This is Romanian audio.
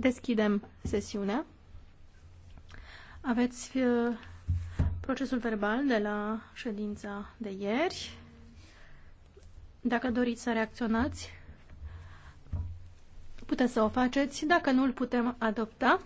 Deschidem sesiunea. Aveți uh, procesul verbal de la ședința de ieri. Dacă doriți să reacționați, puteți să o faceți. Dacă nu, îl putem adopta.